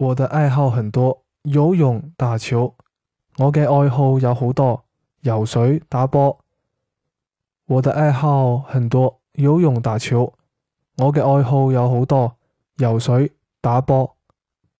我的愛好很多，游泳、打球。我嘅愛好有好多，游水、打波。我的愛好很多，游泳、打球。我嘅愛好有好多，游水、打波。